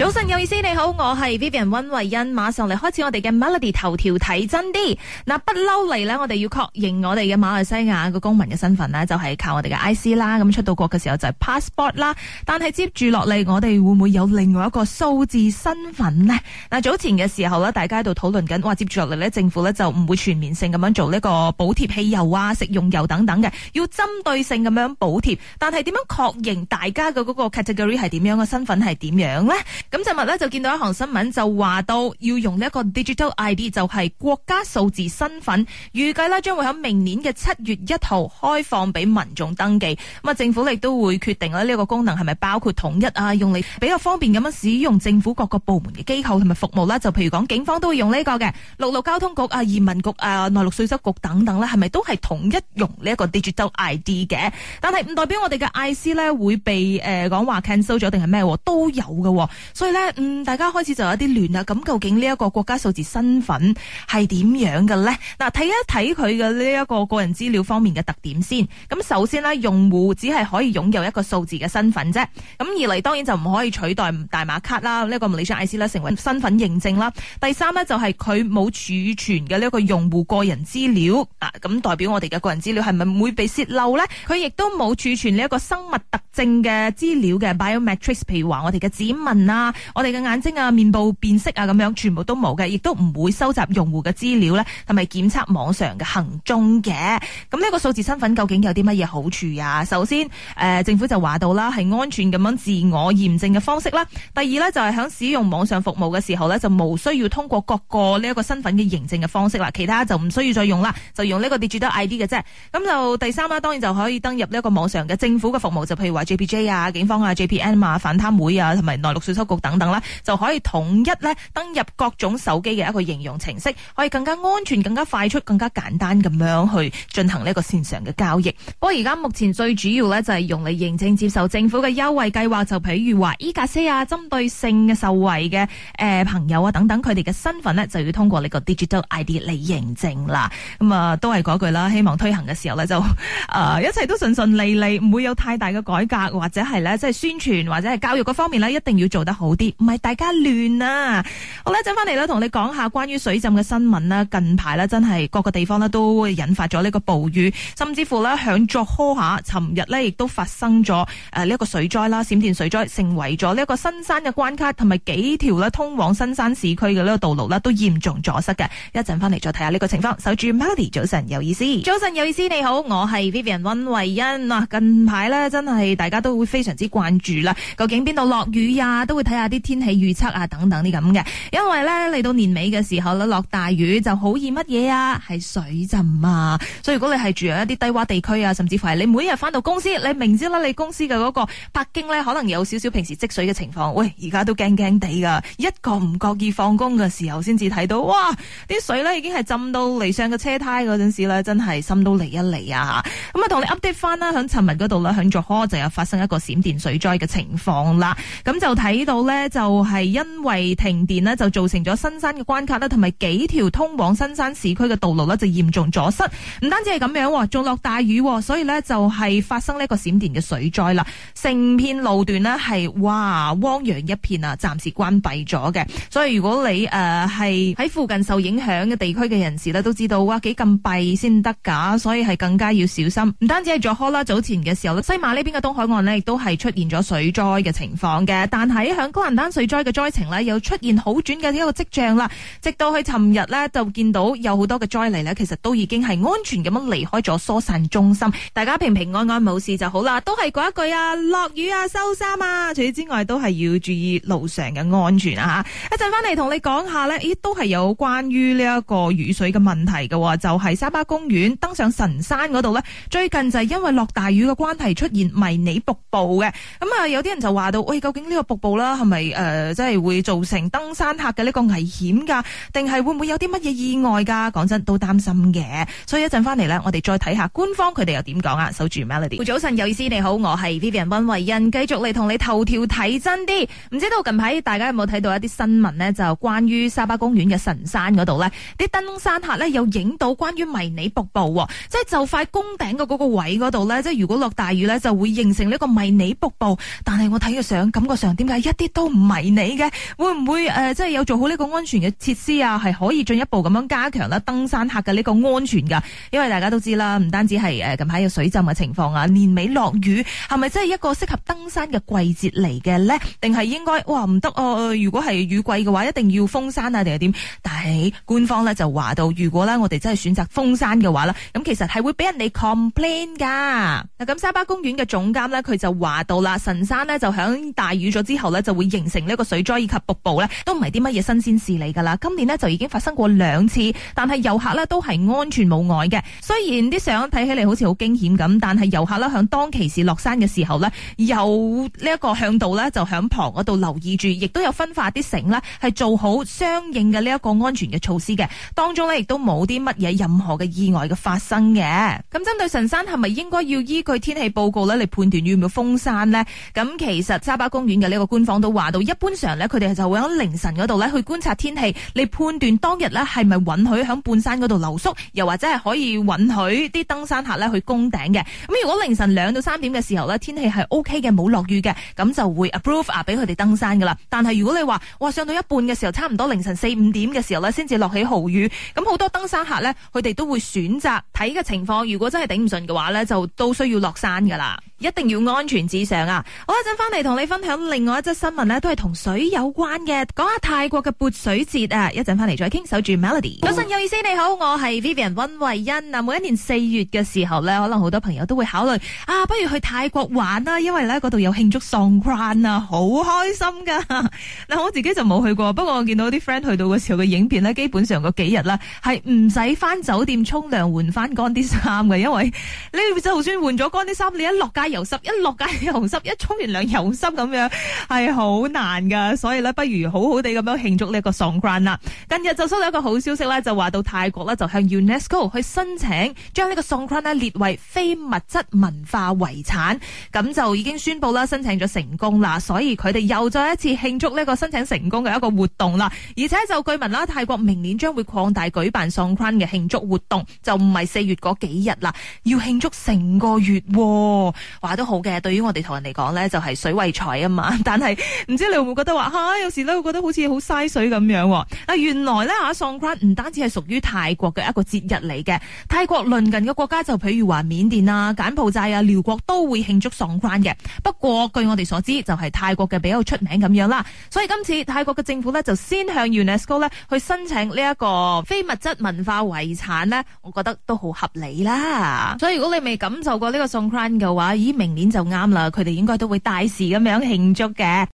早晨，有意思你好，我係 Vivian 溫慧欣，馬上嚟開始我哋嘅 Melody 頭條睇真啲。嗱，不嬲嚟呢，我哋要確認我哋嘅馬來西亞個公民嘅身份呢就係靠我哋嘅 I C 啦。咁出到國嘅時候就 passport 啦。但係接住落嚟，我哋會唔會有另外一個數字身份呢？嗱，早前嘅時候咧，大家喺度討論緊，哇，接住落嚟呢，政府呢就唔會全面性咁樣做呢個補貼汽油啊、食用油等等嘅，要針對性咁樣補貼。但係點樣確認大家嘅嗰個 category 係點樣嘅身份係點樣呢？咁今日咧就見到一行新聞，就話到要用呢一個 digital ID 就係國家數字身份，預計呢將會喺明年嘅七月一號開放俾民眾登記。咁啊，政府亦都會決定咧呢個功能係咪包括統一啊，用嚟比較方便咁樣使用政府各個部門嘅機構同埋服務啦、啊。就譬如講警方都會用呢個嘅，陸路交通局啊、移民局啊、內陸稅收局等等啦，係咪都係統一用呢一個 digital ID 嘅？但係唔代表我哋嘅 IC 咧會被誒、呃、講話 cancel 咗定係咩都有喎、啊。所以咧，嗯，大家開始就有啲亂啦。咁究竟呢一個國家數字身份係點樣嘅咧？嗱，睇一睇佢嘅呢一個個人資料方面嘅特點先。咁首先咧，用戶只係可以擁有一個數字嘅身份啫。咁二嚟當然就唔可以取代大馬卡啦。呢個物理上 IC 啦，成為身份認證啦。第三呢，就係佢冇儲存嘅呢一個用戶個人資料啊。咁代表我哋嘅個人資料係咪會被泄露咧？佢亦都冇儲存呢一個生物特徵嘅資料嘅 biometrics，譬如話我哋嘅指紋啊。啊、我哋嘅眼睛啊、面部辨識啊咁樣，全部都冇嘅，亦都唔會收集用戶嘅資料咧，同埋檢測網上嘅行蹤嘅。咁呢個數字身份究竟有啲乜嘢好處啊？首先，誒、呃、政府就話到啦，係安全咁樣自我驗證嘅方式啦。第二咧就係、是、響使用網上服務嘅時候咧，就冇需要通過各個呢一個身份嘅認證嘅方式啦，其他就唔需要再用啦，就用呢個 Digital ID 嘅啫。咁就第三啦、啊，當然就可以登入呢一個網上嘅政府嘅服務，就譬如話 J P J 啊、警方啊、J P N 啊、反貪會啊，同埋內陸稅收局等等啦，就可以統一咧登入各種手機嘅一個應用程式，可以更加安全、更加快速、更加簡單咁樣去進行呢個線上嘅交易。不過而家目前最主要咧就係、是、用嚟認證接受政府嘅優惠計劃，就譬如話依格斯依家係啊，針對性嘅受惠嘅誒、呃、朋友啊等等，佢哋嘅身份咧就要通過呢個 digital ID 嚟認證啦。咁、嗯、啊、呃，都係嗰句啦，希望推行嘅時候咧就誒、呃、一切都順順利利，唔會有太大嘅改革或者係咧即係宣傳或者係教育嗰方面咧一定要做得好。好啲，唔係大家亂啊！好啦，走翻嚟啦，同你講下關於水浸嘅新聞啦。近排呢，真係各個地方呢都引發咗呢個暴雨，甚至乎呢，響作呵下，尋日呢亦都發生咗誒呢一個水災啦，閃電水災，成為咗呢一個新山嘅關卡，同埋幾條呢通往新山市區嘅呢個道路呢，都嚴重阻塞嘅。一陣翻嚟再睇下呢個情況。守住 Mandy，早晨有意思，早晨有意思，你好，我係 Vivian 溫慧欣。嗱，近排呢，真係大家都會非常之關注啦，究竟邊度落雨啊，都會睇。啊！啲天氣預測啊，等等啲咁嘅，因為咧嚟到年尾嘅時候咧，落大雨就好易乜嘢啊？係水浸啊！所以如果你係住喺一啲低洼地區啊，甚至乎係你每日翻到公司，你明知啦，你公司嘅嗰、個北京咧，可能有少少平時積水嘅情況，喂，而家都驚驚地噶，一個唔覺意放工嘅時候，先至睇到，哇！啲水咧已經係浸到嚟上嘅車胎嗰陣時咧，真係心都離一離啊！咁啊，同你 update 翻啦，響尋日嗰度咧，響座河就有發生一個閃電水災嘅情況啦，咁就睇到。咧就係因為停電咧，就造成咗新山嘅關卡咧，同埋幾條通往新山市區嘅道路咧就嚴重阻塞。唔單止係咁樣，仲落大雨，所以呢，就係發生呢一個閃電嘅水災啦。成片路段呢，係哇汪洋一片啊，暫時關閉咗嘅。所以如果你誒係喺附近受影響嘅地區嘅人士咧，都知道哇幾咁閉先得噶，所以係更加要小心。唔單止係咗開啦，早前嘅時候咧，西馬呢邊嘅東海岸呢，亦都係出現咗水災嘅情況嘅，但係喺響。高蘭丹水災嘅災情呢，又出現好轉嘅一個跡象啦。直到去尋日呢，就見到有好多嘅災黎呢，其實都已經係安全咁樣離開咗疏散中心，大家平平安安冇事就好啦。都係嗰一句啊，落雨啊收衫啊。除此之外，都係要注意路上嘅安全啊！吓，一陣翻嚟同你講下呢，咦，都係有關於呢一個雨水嘅問題嘅，就係沙巴公園登上神山嗰度呢，最近就係因為落大雨嘅關係出現迷你瀑布嘅。咁啊，有啲人就話到，喂，究竟呢個瀑布啦？係咪誒、呃，即係會造成登山客嘅呢個危險噶定係會唔會有啲乜嘢意外噶講真的都擔心嘅，所以一陣翻嚟呢，我哋再睇下官方佢哋又點講啊！守住 Melody，早晨，有意思你好，我係 Vivian 溫慧欣，繼續嚟同你頭條睇真啲。唔知道近排大家有冇睇到一啲新聞呢？就關於沙巴公園嘅神山嗰度呢，啲登山客呢又影到關於迷你瀑布，哦、即係就快攻頂嘅嗰個位嗰度呢，即係如果落大雨呢，就會形成呢個迷你瀑布。但係我睇嘅相，感覺上點解一啲？都唔係你嘅，會唔會誒，即、呃、係有做好呢個安全嘅設施啊？係可以進一步咁樣加強啦登山客嘅呢個安全噶。因為大家都知啦，唔單止係誒、呃、近排有水浸嘅情況啊，年尾落雨，係咪真係一個適合登山嘅季節嚟嘅呢？定係應該哇唔得哦、呃！如果係雨季嘅話，一定要封山啊，定係點？但係官方咧就話到，如果咧我哋真係選擇封山嘅話呢，咁其實係會俾人哋 complain 噶。嗱，咁沙巴公園嘅總監呢，佢就話到啦，神山呢，就響大雨咗之後呢就。會形成呢一個水災以及瀑布呢都唔係啲乜嘢新鮮事嚟噶啦。今年呢就已經發生過兩次，但係遊客呢都係安全無礙嘅。雖然啲相睇起嚟好似好驚險咁，但係遊客呢響當其時落山嘅時候呢，有呢一個向導呢就響旁嗰度留意住，亦都有分發啲繩呢係做好相應嘅呢一個安全嘅措施嘅。當中呢亦都冇啲乜嘢任何嘅意外嘅發生嘅。咁針對神山係咪應該要依據天氣報告呢嚟判斷要唔要封山呢？咁其實沙巴公園嘅呢一個官方，到話到，一般上咧，佢哋就會喺凌晨嗰度咧去觀察天氣，嚟判斷當日咧係咪允許響半山嗰度留宿，又或者係可以允許啲登山客咧去攻頂嘅。咁如果凌晨兩到三點嘅時候咧，天氣係 OK 嘅，冇落雨嘅，咁就會 approve 啊，俾佢哋登山噶啦。但係如果你話，哇，上到一半嘅時候，差唔多凌晨四五點嘅時候咧，先至落起豪雨，咁好多登山客咧，佢哋都會選擇睇嘅情況，如果真係頂唔順嘅話咧，就都需要落山噶啦。一定要安全至上啊！我一陣翻嚟同你分享另外一則新聞呢，都係同水有關嘅。講下泰國嘅潑水節啊！一陣翻嚟再傾。守住 Melody，早晨，有意思你好，我係 Vivian 温慧欣啊！每一年四月嘅時候呢，可能好多朋友都會考慮啊，不如去泰國玩啦，因為呢嗰度有慶祝 Songkran 啊，好開心噶。嗱， 我自己就冇去過，不過我見到啲 friend 去到嘅時候嘅影片呢，基本上嗰幾日啦，係唔使翻酒店沖涼換翻乾啲衫嘅，因為你就算換咗乾啲衫，你一落街。油濕，一落街油濕，一沖完涼油濕，咁樣係好難噶，所以咧不如好好地咁樣慶祝呢一個 Songkran 啦。近日就收到一個好消息啦，就話到泰國咧就向 UNESCO 去申請將呢個 Songkran 咧列為非物質文化遺產，咁就已經宣布啦，申請咗成功啦。所以佢哋又再一次慶祝呢個申請成功嘅一個活動啦。而且就據聞啦，泰國明年將會擴大舉辦 Songkran 嘅慶祝活動，就唔係四月嗰幾日啦，要慶祝成個月。話都好嘅，對於我哋同人嚟講呢，就係水為財啊嘛。但係唔知你會唔會覺得話吓、啊，有時咧會覺得好似好嘥水咁樣。啊，原來咧啊，宋干唔單止係屬於泰國嘅一個節日嚟嘅，泰國鄰近嘅國家就譬如話緬甸啊、柬埔寨啊、寮國都會慶祝宋干嘅。不過據我哋所知，就係泰國嘅比較出名咁樣啦。所以今次泰國嘅政府呢，就先向 UNESCO 咧去申請呢一個非物質文化遺產呢，我覺得都好合理啦。所以如果你未感受過呢個宋干嘅話，明年就啱啦，佢哋應該都會大事咁樣慶祝嘅。